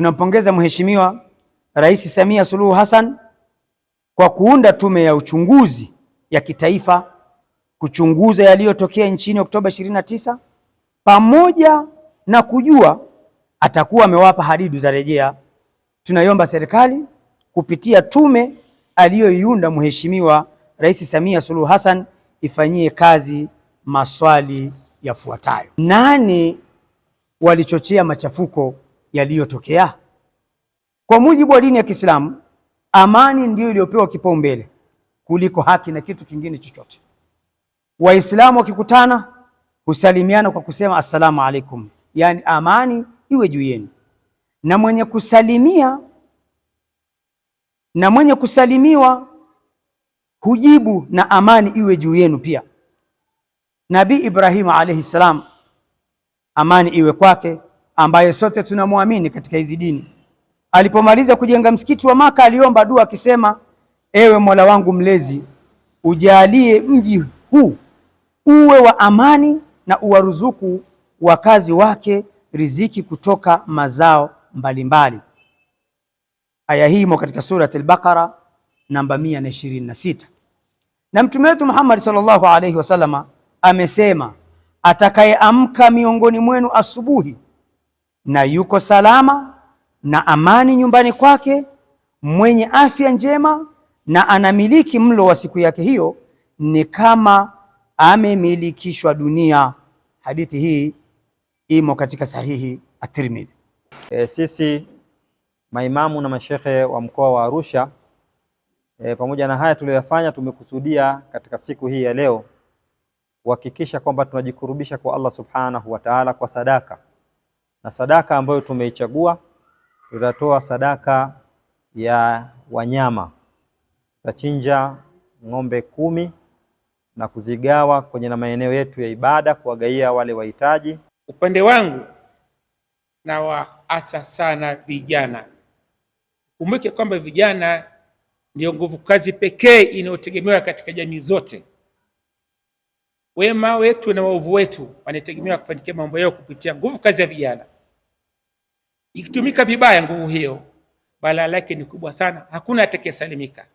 Tunampongeza Mheshimiwa Rais Samia Suluhu Hassan kwa kuunda tume ya uchunguzi ya kitaifa kuchunguza yaliyotokea nchini Oktoba 29 pamoja na kujua atakuwa amewapa hadidu za rejea. Tunaiomba serikali kupitia tume aliyoiunda Mheshimiwa Rais Samia Suluhu Hassan ifanyie kazi maswali yafuatayo: nani walichochea machafuko yaliyotokea. Kwa mujibu wa dini ya Kiislamu, amani ndiyo iliyopewa kipaumbele kuliko haki na kitu kingine chochote. Waislamu wakikutana husalimiana kwa kusema assalamu alaikum, yaani amani iwe juu yenu, na mwenye kusalimia na mwenye kusalimiwa hujibu na amani iwe juu yenu pia. Nabii ibrahim alaihi salam, amani iwe kwake ambaye sote tunamwamini katika hizi dini. Alipomaliza kujenga msikiti wa Maka aliomba dua akisema, ewe Mola wangu mlezi, ujalie mji huu uwe wa amani na uwaruzuku wakazi wake riziki kutoka mazao mbalimbali. Aya hii imo katika Surat al-Baqara namba 126. Na Mtume wetu Muhammad sallallahu alaihi wasallam amesema, atakayeamka miongoni mwenu asubuhi na yuko salama na amani nyumbani kwake, mwenye afya njema na anamiliki mlo wa siku yake hiyo, ni kama amemilikishwa dunia. Hadithi hii imo katika sahihi at-Tirmidhi. E, sisi maimamu na mashehe wa mkoa wa Arusha e, pamoja na haya tuliyoyafanya, tumekusudia katika siku hii ya leo kuhakikisha kwamba tunajikurubisha kwa Allah subhanahu wa ta'ala kwa sadaka na sadaka ambayo tumeichagua tutatoa sadaka ya wanyama. Tutachinja ng'ombe kumi na kuzigawa kwenye na maeneo yetu ya ibada kuwagaia wale wahitaji. Upande wangu nawaasa sana vijana, kumbuke kwamba vijana ndio nguvu kazi pekee inayotegemewa katika jamii zote. Wema wetu na waovu wetu wanategemewa kufanikia mambo yao kupitia nguvu kazi ya vijana. Ikitumika vibaya nguvu hiyo, balaa lake ni kubwa sana, hakuna atakayesalimika.